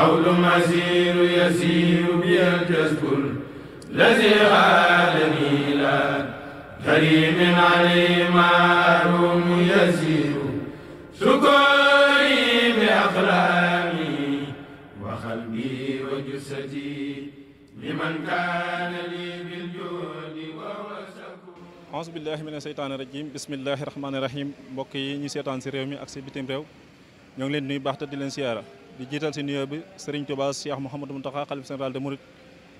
حول مسير يسير بي الكسب الذي غالني لا كريم علي معلوم يسير شكري بأقلامي وقلبي وجسدي لمن كان لي بالجود وهو سكون أعوذ بالله من الشيطان الرجيم بسم الله الرحمن الرحيم mbokk yi ñu seetaan si réew mi ak si bitim réew ñoo ngi leen nuyu baax te di leen siyaara di jiital si nuyoo bi Serigne Touba Cheikh Mouhamadou Mountakha xalif général de Mouride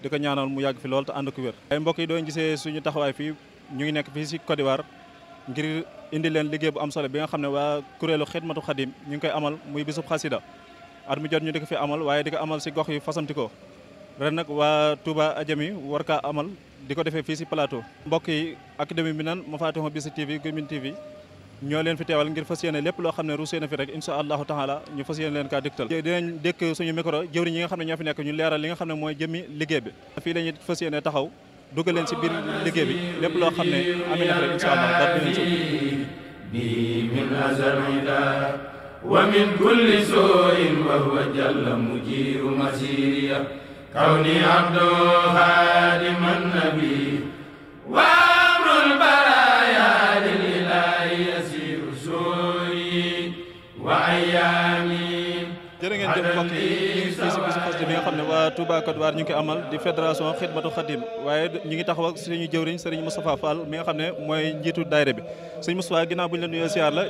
di ko ñaanal mu yàgg fi lool te ànd ko wér. ay mbokk yi doon gisee suñu taxawaay fii ñu ngi nekk fii si Côte d'Ivoire ngir indi leen liggéey bu am solo bi nga xam ne waa kuréelu matu xadim ñu ngi koy amal muy bisub xasida at mu jot ñu di ko fi amal waaye di ko amal si gox yi fasantikoo ren nag waa Touba Adjami war kaa amal di ko defee fii si plateau. mbokk yi académie bi nan ma fàtte bi si TV Gouye Mbinde ñoo leen fi teewal ngir fas yéene lépp loo xam ne ruusee na fi rek insha allahu taala ñu fas yéene leen kaa dégtal dinañ dékk suñu micro jëwriñ yi nga xam ne ñoo fi nekk ñu leeral li nga xam ne mooy jëmmi liggéey bi fii la ñuy fas yéene taxaw dugal leen si biir liggéey bi lépp loo xam ne amee na fi rek insha allah daal di bi jëm mbokk nga xam ne waa Touba Côte ñu ngi koy amal di fédération xidmatu xadim waaye ñu ngi taxaw ak suñu jëwriñ sëriñ Moustapha Fall mi nga xam ne mooy njiitu daayira bi sëriñ Moustapha ginnaaw bu ñu la nuyoo siyaar la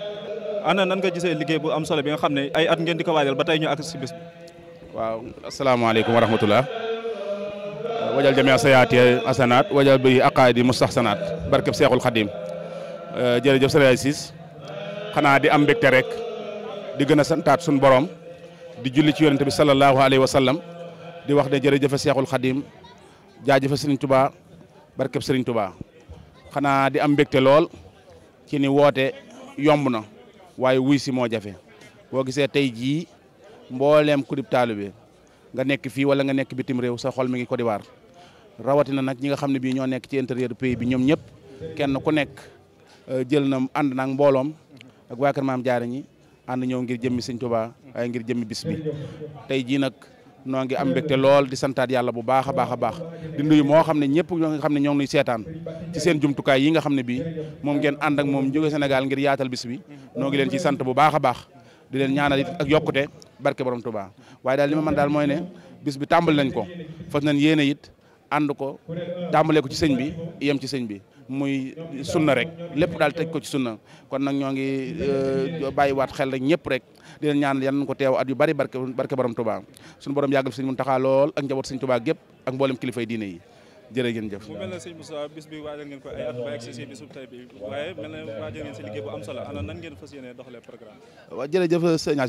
ana nan nga gisee liggéey bu am solo bi nga xam ne ay at ngeen di ko waajal ba tey ñu ak si bis waaw asalaamaaleykum wa rahmatullah wajal jamia sayaati asanaat wajal bi aqaadi mustaxsanaat barkeb seexul xadim jërëjëf sëriñ Sis xanaa di am mbégte rek di gën a santaat suñu borom di julli ci yonente bi sallallahu alayhi wa sallam di wax ne jërëjëfe seexul xadim jaajëfe sëriñ tubaa barkeb sëriñ tubaa xanaa di am mbégte lool ci ni woote yomb na waaye wuy si moo jafe boo gisee tey jii mbooleem ku dib taalibe nga nekk fii wala nga nekk bitim réew sa xol mi ngi Côte d'Ivoire rawatina nag ñi nga xam ne bii ñoo nekk ci intérieur du pays bi ñoom ñëpp kenn ku nekk euh, jël na ànd naag mbooloom ak waa kër maam jaara ñi ànd ñëw ngir jëmmi sëñ Tuubaa waaye ngir jëmmi bis tey jii nag noo ngi am mbégte lool di santaat yàlla bu baax a baax a baax di nuyu moo xam ne ñëpp ñoo nga xam ne ñoo ngi seetaan ci seen jumtukaay yi nga xam ne bii moom ngeen ànd ak moom jóge senegal ngir yaatal bis bi noo ngi leen ci sant bu baax a baax di leen ñaanal ak yokkute barke borom Tuubaa waaye daal li ma mën daal mooy ne bis bi tàmbali nañ ko fas nañ yéene it ànd ko tàmbalee ko ci sëñ bi yem ci sëñ bi muy sunna rek lépp daal teg ko ci sunna kon nag ñoo ngi euh, waat xel rek ñëpp rek di leen ñaanal yan nañ ko teew at yu bari barke barke borom Touba suñu borom yàggal Sëriñ Mountakha lool ak njaboot Sëriñ Touba gépp ak mboolem kilifay diine yi jërë ngeen jëf. mu bis bi waajal ngeen ko ay at ba egg si ngeen si liggéey bu am solo ana nan ngeen fas yéene doxalee programme waaw jërëjëf sëñ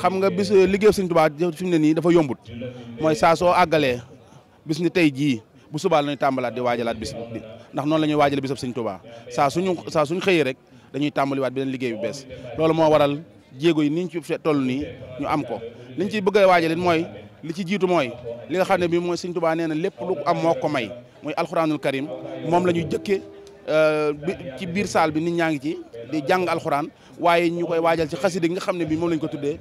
xam nga bis liggéey sëñ Touba fi mu ne nii dafa yombut mooy saa soo àggalee bis ni tey jii bu subaa la ñuy tàmbalaat di waajalaat bis bi ndax noonu la ñuy waajale bi sëñ Touba saa suñu saa suñu xëyee rek dañuy tàmbaliwaat beneen liggéey bu bees loolu moo waral jéego yi niñ ci toll nii ñu am ko liñ ci bëgg a waajale mooy li ci jiitu mooy li nga xam ne bi mooy sëñ Touba nee na lépp lu am moo ko may mooy alxuraanul karim moom la ñuy jëkkee euh, ci biir saal bi nit ñaa ngi ci di jàng alxuraan waaye ñu koy waajal ci xasida gi nga xam ne bi moom lañ ko tuddee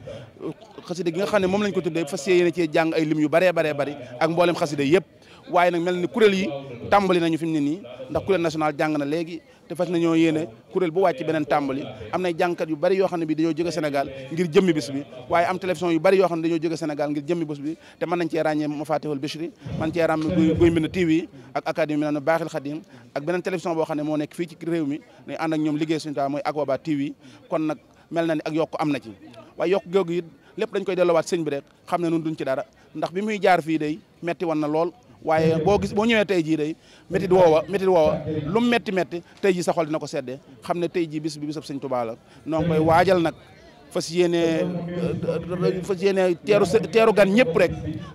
xasida gi nga xam jàng ay lim yu baree baree bari ak mboolem xasida yëpp waaye nag mel ni kuréel yi tàmbali nañu fi mu ne nii ndax kuréel national jàng na léegi te fas nañoo yéene kuréel bu wàcc beneen tàmbali am nay jàngkat yu bari yoo xam ne bi dañoo jóge Sénégal ngir jëmmi bis bi waaye am télévision yu bari yoo xam ne dañoo jóge Sénégal ngir jëmmi bis bi te mën nañ cee ràññee Mafatihul Bichri mën cee ràññee Guy Mbind TV ak académie naan Baaxil Xadim ak beneen télévision boo xam ne moo nekk ci réew mi ne ànd ak ñoom liggéey suñu taa mooy Akwaba mel na ak yokk am na ci waaye yokk googu it lépp dañ koy delloowaat sëñ bi rek xam ne nun duñ ci dara ndax bi muy jaar fii dey metti woon na lool waaye boo gis boo ñëwee tey jii day métit woowa métit woowa lu mu métti métti tey jii sa xol dina ko seddee xam ne tey jii bis bi bisab sëñ Tuubaa la noo ngi koy waajal nag fas yéene euh, fas yéene teeru teeru gan ñëpp rek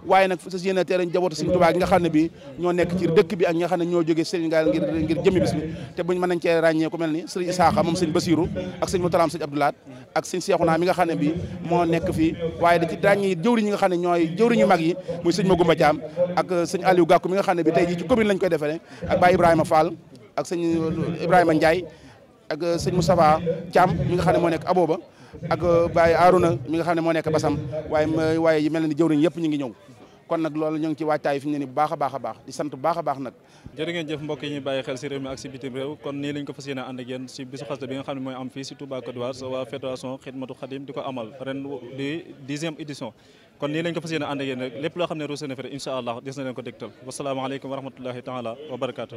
waaye nag fas yéene teeru njabootu Sëriñ Tuubaa gi nga xam ne bi ñoo nekk ci dëkk bi ak nga xam ne ñoo jógee Sénégal ngir ngir jëmmi bis bi te buñ mën nañ cee ràññee ku mel ni Sëriñ Isaaxa moom Sëriñ Basiru ak Sëriñ Mutalaam Sëriñ Abdoulaat ak mi nga xam ne bi moo nekk fii waaye da ci ràññee jëwriñ ñi nga xam ne ñooy jëwriñu mag yi muy Sëriñ Magumba Caam ak Sëriñ Aliou Gàkku mi nga xam ne bi tey ji ko commune lañ koy defee ak Baay Ibrahima Fall ak Sëriñ Ibrahima Ndiaye ak Sëriñ Moustapha Caam mi nga xam ne moo nekk abooba ak euh, Baye Arouna mi nga xam ne moo nekk Basam waaye waaye mel na ni jëwriñ yëpp ñu ngi ñëw kon nag loolu ñu ngi ci waajtaay fi mu ne ni bu baax a baax a baax di sant baax a baax nag jërë ngeen jëf mbokk ko fas yéene ànd ak yéen si nga xam ne mooy am fii si Touba Côte waa fédération Xidmatu Xadim di ko amal ren di dixième édition kon nii lañ ko fas yéene ànd ak yéen lépp loo xam ne ruuse na fi rek incha allah des na leen ko dégtal wasalaamaaleykum wa rahmatullahi taala wa barakatuh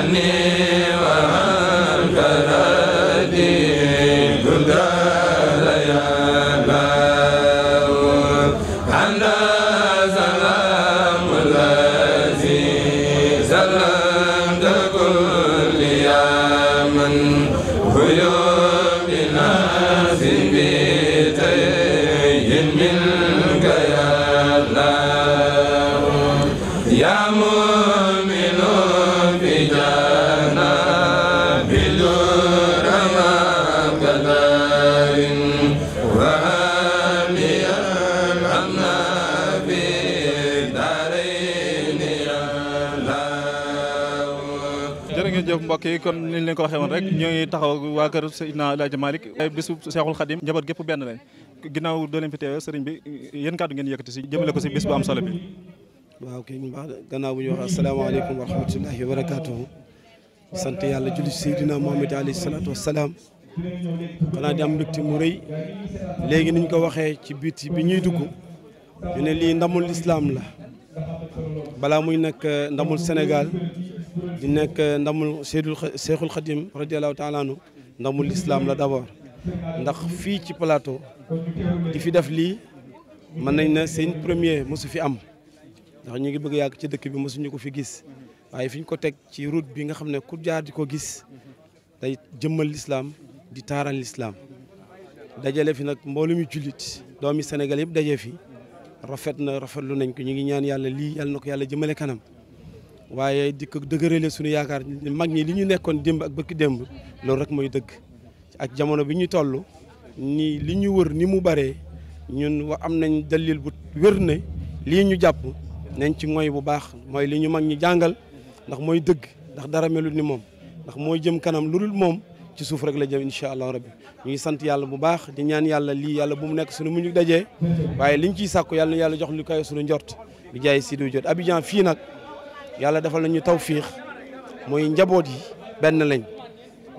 wa mbokk kon niñ leen ko waxee woon rek ñooy taxaw waa kër Seydina El Hadj Malick waaye eh, bisu Seexul Xadim njaboot gépp benn lañ ginnaaw doo leen fi teewee sëriñ bi yéen kàddu ngeen yëkkati si jëmale ko si bis bu am solo bi waaw kay baax gannaaw bu ñu wax asalaamaaleykum wa rahmatullahi wa barakatuhu sant yàlla julli Seydina Muhammad alayhi salaatu wasalaam xanaa di am mbégte mu rëy léegi niñ ko waxee ci biti bi ñuy dugg ñu ne lii ndamul islaam la balaa muy nag eh, ndamul Sénégal di nekk ndamul seydul seexul xadim radiallahu taala ndamul lislaam la d'abord ndax fii ci plateau di fi def lii mën nañ na seen premier mosu fi am ndax ñu ngi bëgg yàgg ci dëkk bi mosuñu ko fi gis waaye fi ñu ko teg ci route bi nga xam ne ku jaar di ko gis day jëmmal lislaam di taaral lislaam dajale fi nag mboolu mu jullit doomi Sénégal yëpp daje fi rafet na rafetlu nañ ko ñu ngi ñaan yàlla lii yàlla na ko yàlla jëmale kanam waaye di ko dëgërale suñu yaakaar mag ñi li ñu nekkoon démb ak bëgg démb loolu rek mooy dëgg ak jamono bi ñu toll ni li ñu wër ni mu bëree ñun am nañ dalil bu wér ne lii ñu jàpp nañ ci mooy bu baax mooy li ñu mag ñi jàngal ndax mooy dëgg ndax dara melut ni moom ndax mooy jëm kanam lu dul moom ci suuf rek la jëm incha allahu rabbi ñu ngi sant yàlla bu baax di ñaan yàlla lii yàlla bu mu nekk suñu muñu dajee waaye liñ ciy sàkku yàlla yàlla jox lu kayo suñu njort bi jaay si du jot Abidjan fii nag yàlla defal nañu tawfiix mooy njaboot yi benn lañ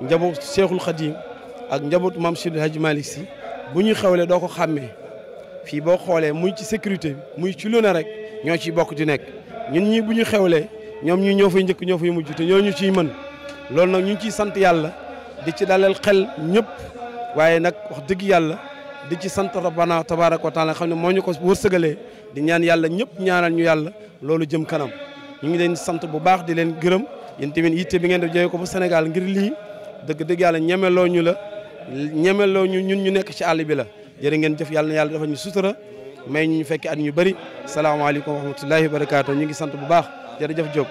njaboot Seexul Xadiim ak njaboot maam Seydi Hadji Malick Sy bu ñuy xewlee doo ko xàmmee fii boo xoolee muy ci sécurité bi muy ci lu rek ñoo ci bokk di nekk ñun ñi bu ñu xewlee ñoom ñu ñoo fay njëkk ñoo ñu mujj te ñoo ñu ciy mën loolu nag ñu ngi ciy sant yàlla di ci dalal xel ñëpp waaye nag wax dëgg yàlla di ci sant rabbana tabaraka wa taala xam ne moo ñu ko wërsëgalee di ñaan yàlla ñëpp ñaanal ñu yàlla loolu jëm kanam ñu ngi leen sant bu baax di leen gërëm yéen tamit yitte bi ngeen def jëlee ko ba Sénégal ngir lii dëgg dëgg yàlla ñemeloo ñu la ñemeloo ñu ñun ñu nekk ci àll bi la jërë ngeen jëf yàlla na yàlla dafa ñu sutura may ñu fekk at ñu bëri salaamaaleykum wa rahmatullahi wa barakaatu ñu ngi sant bu baax jërëjëf Diop.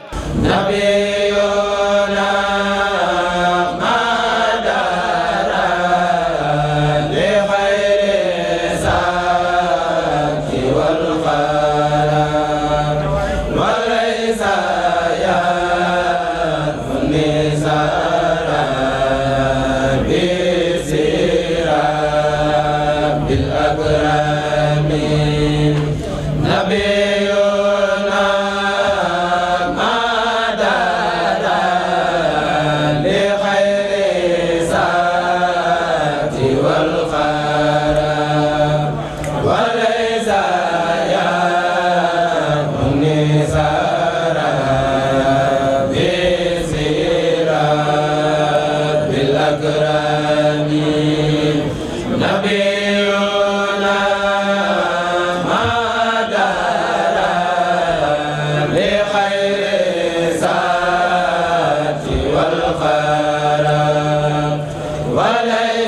la